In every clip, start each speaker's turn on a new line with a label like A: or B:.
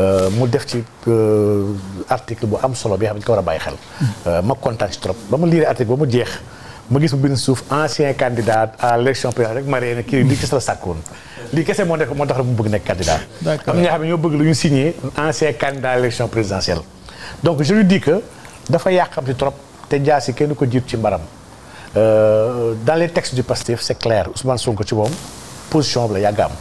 A: Euh, mu def ci euh, article bu am solo bi xam ne ko war a bàyyi xel. Euh, ma kontaan si trop ba ma liiree article ba mu jeex ma gis mu bind suuf ancien candidat à l' élection présidentielle rek ma ree ne kii li kese la sàkkoon. lii kese moo nekk moo tax mu bëgg nekk candidat. am na ñoo xam ne ñoo bëgg lu ñu signé ancien candidat à l' élection présidentielle. donc je lui dis que dafa yàqamti trop te jaasi kenn ko jiitu ci mbaram. dans les textes du Pastef c' est clair Ousmane Sonko ci moom position la yàgg am.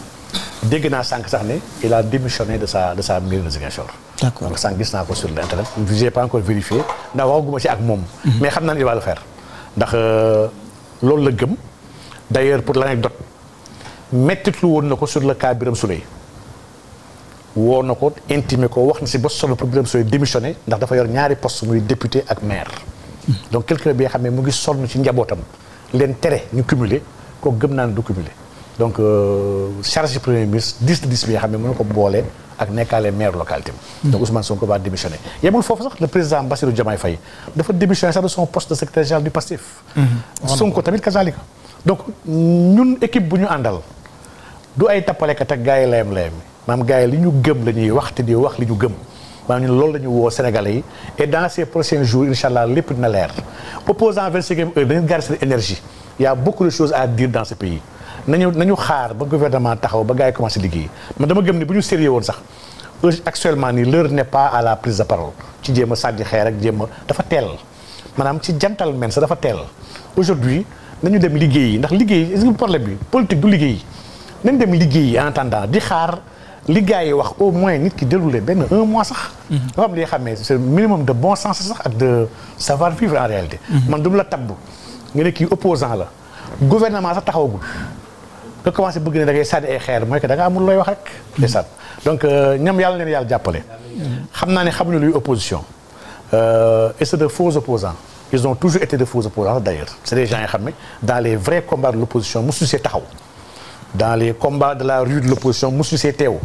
A: dégg naa sànq sax ne il a démissionné de sa de sa mairie de Ziguinchor. d' accord donc sànq gis naa ko sur l' internet. j' ai pas encore vérifié ndax waxaguma ak moom. Mhm. mais xam naa ne il va ndax euh, loolu la gëm d' ailleurs pour l' mettit mettitlu woon na ko sur le cas Birame Souleye woo na ko intimé ko wax na si ba sonn pour Birame Souleye démissionné ndax dafa yor ñaari post muy député ak maire. Mhm. donc quelqu'un bi nga xam ne mu ngi sonn ci njabootam leen tere ñu cumuler ko gëm naa ne du cumuler. donc euh, charge premier ministre dix de dix bi nga xam ne mu na ko boole ak nekkaale maire localité bi. Hmm. donc Ousmane Sonko va démissionner yemul foofu sax le président Bassirou Diomaye Faye dafa démissionner sax de son poste de secrétaire général du PASTEF. Hmm. Sonko tamit kazaalika. donc ñun équipe bu ñu àndal du ay tappalekat ak gars yi layam layam maam gars yi li ñu gëm la ñuy wax te di wax li ñu gëm. maanaam ñun loolu la ñu woo Sénégalais yi et dans ces prochains jours incha lépp dina leer opposant vingt-cinquième heure dañu garder à dire dans ce pays. nañu nañu xaar ba gouvernement taxaw ba gars yi commencé liggéey man dama gëm ni bu ñu sérieux woon sax actuellement ni l'heure n'est pas à la prise de parole ci jéem a sànni xeer ak jéem a dafa teel maanaam ci gentleman sax dafa teel aujourd'hui nañu dem liggéey yi ndax liggéey est bi politique du liggéey nañ dem liggéey en attendant di xaar li gars yi wax au moins nit ki déroulé benn un mois sax. Mhm. dafa am li nga xam minimum de bon sens sax ak de savoir vivre en réalité. Mhm. man du la tabb nga ne kii opposant la gouvernement sax taxawagul. nga commencé bëgg ne da ngay sànni ay xeer mooy que da nga amul looy wax rek. ndeysaan donc euh, ñoom yàlla leen yàlla jàppale. xam naa ne xamuñu luy opposition. Euh, et c'est de faux opposants ils ont toujours été de faux opposants d'ailleurs c'est des gens yoo xam ne dans les vrais combats de l'opposition mosu see taxaw. dans les combats de la rue de l'opposition mosu see teew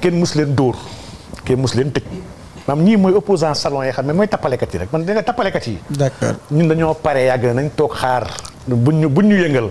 A: kenn mosu leen dóor kenn mosu leen tëj. maam ñii mooy opposant salon yi xam ne mooy tappalekat yi rek man dina yi. d'accord ñun dañoo pare yàgg nañ toog xaar buñ ñu buñ ñu yëngal.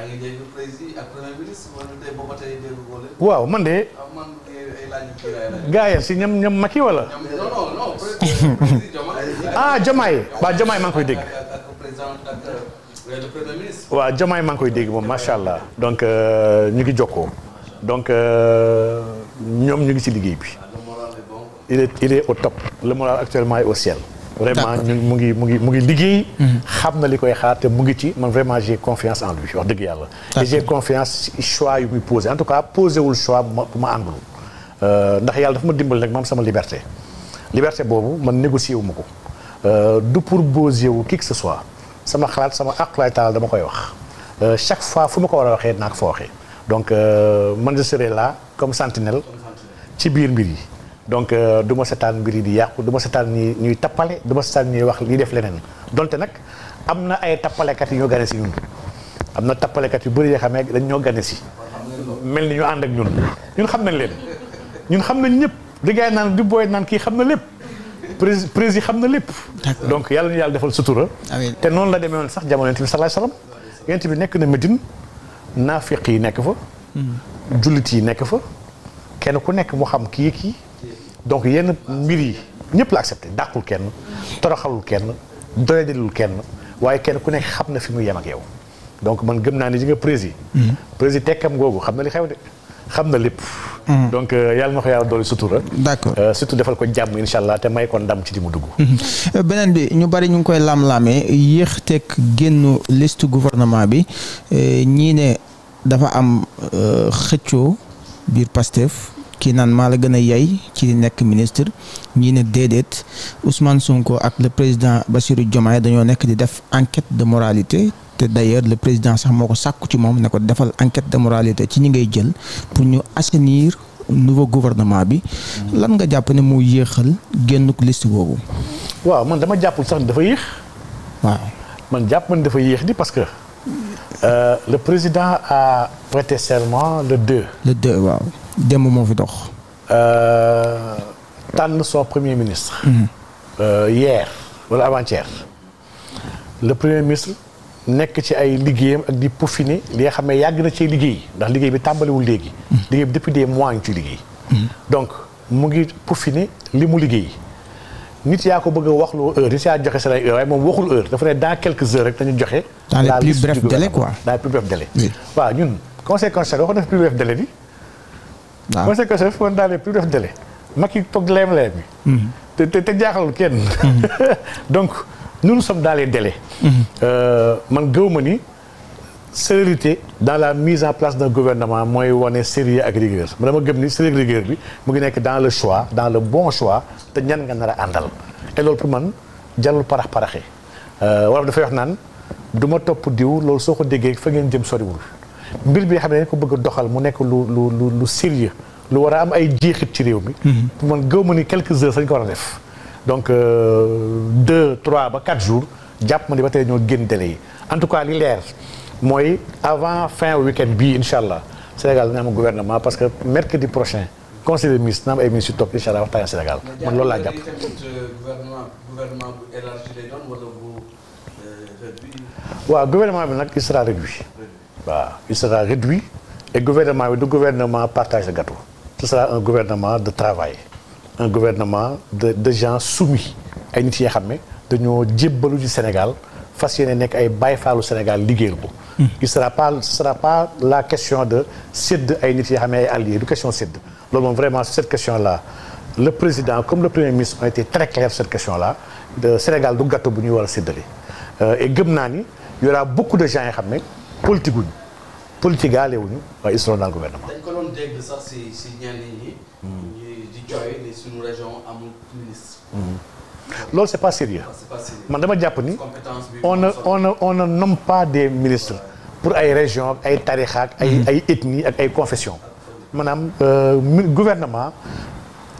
B: yaa waaw man de. Ah,
A: gaa ya si ñam ñam Macky wala. non non non. ah Diomaye waaw Diomaye maa koy dégg. ak président ak euh, le maa ngi koy dégg moom macha allah. donc euh, ñu ngi jokkoo. donc euh, ñoom ñu ngi si liggéey bi. Ah, il est il est au top. le moral actuellement est au vraiment ñu mu ngi mu ngi mu ngi liggéey. Mhm. xam na li koy xaar te mu ngi ci man vraiment j'ai confiance en lui wax dëgg yàlla. et confiance choix yu muy posé en tout cas posé wul choix bu ma bu ma àndul. Euh, ndax yàlla dafa ma dimbali nag ma am sama liberté liberté boobu man négocier wu ma ko euh, du pour bosé wu qui que ce soit sama xalaat sama àqulaay taal dama koy wax euh, chaque fois fu ma ko war a waxee naa ko fa waxee donc man je serai là comme sentinelle ci biir mbir yi. donc euh, du ma setaan mbir yi di yàqu du ma setaan ñi ñuy tappale du ma setaan ñuy wax li def leneen donte nag am na ay tappalekat yu ñoo gane si am na tappalekat yu bëri yoo xam ne dañ ñoo gane si mel ni ñu ànd ak ñun ñun xam nañ leen ñun xam nañ ñëpp liggéey naan di booy naan kii xam na lépp prés prés yi xam na lépp donc yàlla ñu yàlla defal sutura te noonu la demee woon sax jamono yonent bi salaay salaam yonent bi nekk na Médine naafiq yi nekk fa hmm. jullit yi nekk fa kenn ku nekk mu xam kii kii donc yenn mbir yi ñëpp la accepté dàqul kenn toroxalul kenn doyadilul kenn waaye kenn ku nekk xam na fi mu yem ak yow donc man gëm naa ni ji nga prési hmm. prési tekkam googu xam na li xew de xam na lépp hmm. donc euh, yàlla na ko yàlla doole sutura. d'accord euh, surtout defal ko jàmm incha allah te may ko ndam ci li mu dugg.
B: Hmm. Euh, beneen bi ñu bari ñu ngi koy laam-laamee yéex teg génn liste gouvernement bi ñii ne dafa am xëccoo biir Pastef kii naan maa la gën a yay ci nekk ministre ñii ne déedéet Ousmane Sonko ak le président Bassirou Diomaye dañoo nekk di def enquete de moralité te d'ailleurs le président sax moo ko sàkku ci moom ne ko defal enquête de moralité ci ñi ngay jël pour ñu assainir nouveau gouvernement bi. lan nga jàpp ne mu yéexal génnuk liste boobu.
A: waaw man dama jàppul sax ni dafa yéex. waaw man jàpp man dafa yéex di parce que. Euh, le président a prêté serment le 2.
B: le 2 waaw. démb moo fi dox.
A: Euh, tànn son premier ministre. Mhm. Euh, hier wala avant-hier le premier ministre nekk ci ay liggéeyam ak di peaufiner li nga xam ne yàgg na ci liggéey ndax liggéey bi tàmbaliwul léegi. Mhm. liggéey bi depuis des mois ngi ci liggéey. Mhm. donc mu ngi peaufiner li mu liggéey. nit yaa ko bëgg wax lu heure nit yaa joxe seen ay heure waaye moom waxul heure dafa ne dans quelques heures rek dañu joxe. dans les plus brefs délais quoi dans ñun conseil constitutionnel waxoon na plus bref délai waaw conseil constitutionnel war naa leen plus def délai. Macky toog leem-leem bi. Mhm. te te te kenn. Mhm. donc nous nous sommes dans les délais. Mhm. Euh, man gëw ma ni célérité dans la mise en place d'un gouvernement mooy wane sérieux ak rigueur ma dama gëm ni sérieux ak bi mu ngi nekk dans le choix dans le bon choix te ñan nga nar a àndal. te loolu pour man jarul parax paraxee euh, wala dafay wax naan du ma topp diw loolu soo ko déggee fa ngeen jëm soriwul. mbir bi xam ne dañ ko bëgg doxal mu nekk lu lu lu lu sérieux lu war a am ay jeexit ci réew mi. Mm-hmm. man gëw ma ni quelques heures sañ ko war a def. donc euh, deux trois ba quatre jours jàpp ma ni ba tey ñoo génn délai yi en tout cas li leer mooy avant fin week-end bii incha allah Sénégal dina am gouvernement parce que mercredi prochain conseil des ministres dina am ay ministres yu topp incha allah waxtaan Sénégal man loolu laa jàpp. Euh, gouvernement bu élargi euh, bi nag il sera réduit. waaw il sera réduit et gouvernement bi du gouvernement partage de gâteau ce sera un gouvernement de travail un gouvernement de de gens soumis ay nit yi nga xam ne dañoo jébbalu ci Sénégal fas yéene nekk ay baay faalu Sénégal liggéeyal ko. Hmm. il sera pas ce la question de sedd ay nit yi nga xam ne ay alliés du question sédd loolu moom vraiment sur cette question là le président comme le premier ministre ont été très clairs sur cette question là Sénégal du gâteau bu ñuy war a séddale euh, et naa ni y aura beaucoup de gens yi xam ne politique guñ politique aale wuñu waaye ils sont dans le gouvernement.
B: dañ ko doon dégg sax si si ñenn ñi. ñuy di
A: hmm. ah, c'est pas sérieux man dama jàpp ni on a on a on pas des ministres pour ay région ak ay tarixa ak ay hmm. ay ethnie ak ay confession maanaam euh, gouvernement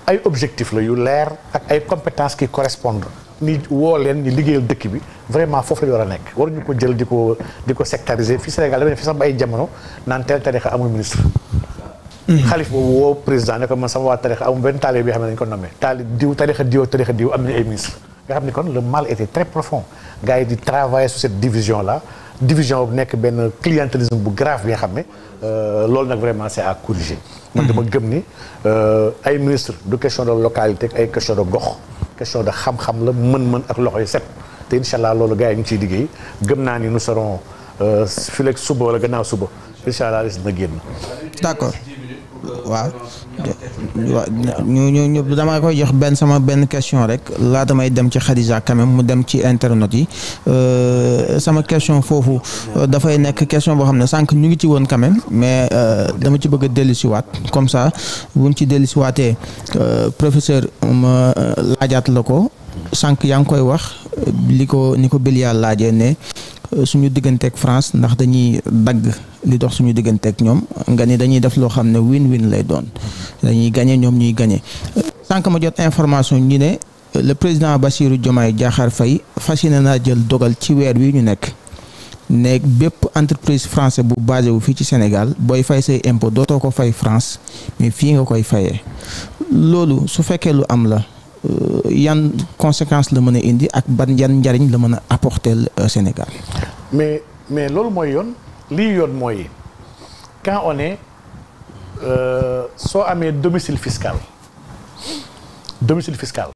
A: ay objectif la yu leer ak ay compétences qui correspondent ni woo leen ni liggéeyal dëkk bi vraiment foofu la war a nekk ñu ko jël di ko di ko sectariser fii Sénégal dama ne fi sax ba ay jamono naan teel tarixa amul ministre hmm. xalif woo président ne ko man sama waa tarixa amul benn taalibe bi xam ne dañu ko nommé taali diw tarixa diw ak tarixa am nañu ay ministre nga xam ni kon le mal était très profond gars yi di travailler sur cette division là division bu nekk benn clientélisme bu grave bi nga xam ne euh, loolu nag vraiment c'est à corriger man dama hmm. gëm ni euh, ay ministre du question de localité ay question de gox question de xam-xam la mën-mën ak loxo yu set te incha allah loolu gars yi ñu ngi ciy liggéey gëm naa ni nous serons euh, fii léegi suba wala gannaaw suba incha allah dina
B: génn. d'accord. waaw ñu ñu ñu dama koy jox benn sama benn question rek laata may dem ci Khadija quand mu dem ci internet yi euh, sama question foofu dafay nekk question boo xam ne sànq ñu ngi ci woon quand même mais euh, dama ci bëgg a dellusiwaat comme ça buñ ci dellusiwaatee euh, professeur ma laajaat la ko sànq yaa ngi koy wax li ko ni ko Bélial laajee ne. Euh, suñu digganteeg France ndax dañuy dagg li dox suñu digganteek ñoom nga ni dañuy def loo xam ne win-win lay doon dañuy gañe ñoom ñuy gañe sànq ma jot information ñu ne euh, le président Bassirou Diomaye Diakhar fay fas yéene naa jël dogal ci weer wi ñu nekk ne bépp entreprise français bu basé wu fii ci Sénégal booy fay say impôt dootoo ko fay France mais fii nga koy fayee loolu su fekkee lu am la. Euh, yan conséquence la mën a indi ak ban yan njariñ la mën a apporter euh, Sénégal.
A: mais mais loolu mooy yoon lii yoon mooy quand on est euh, soo amee domicile fiscal domicile fiscal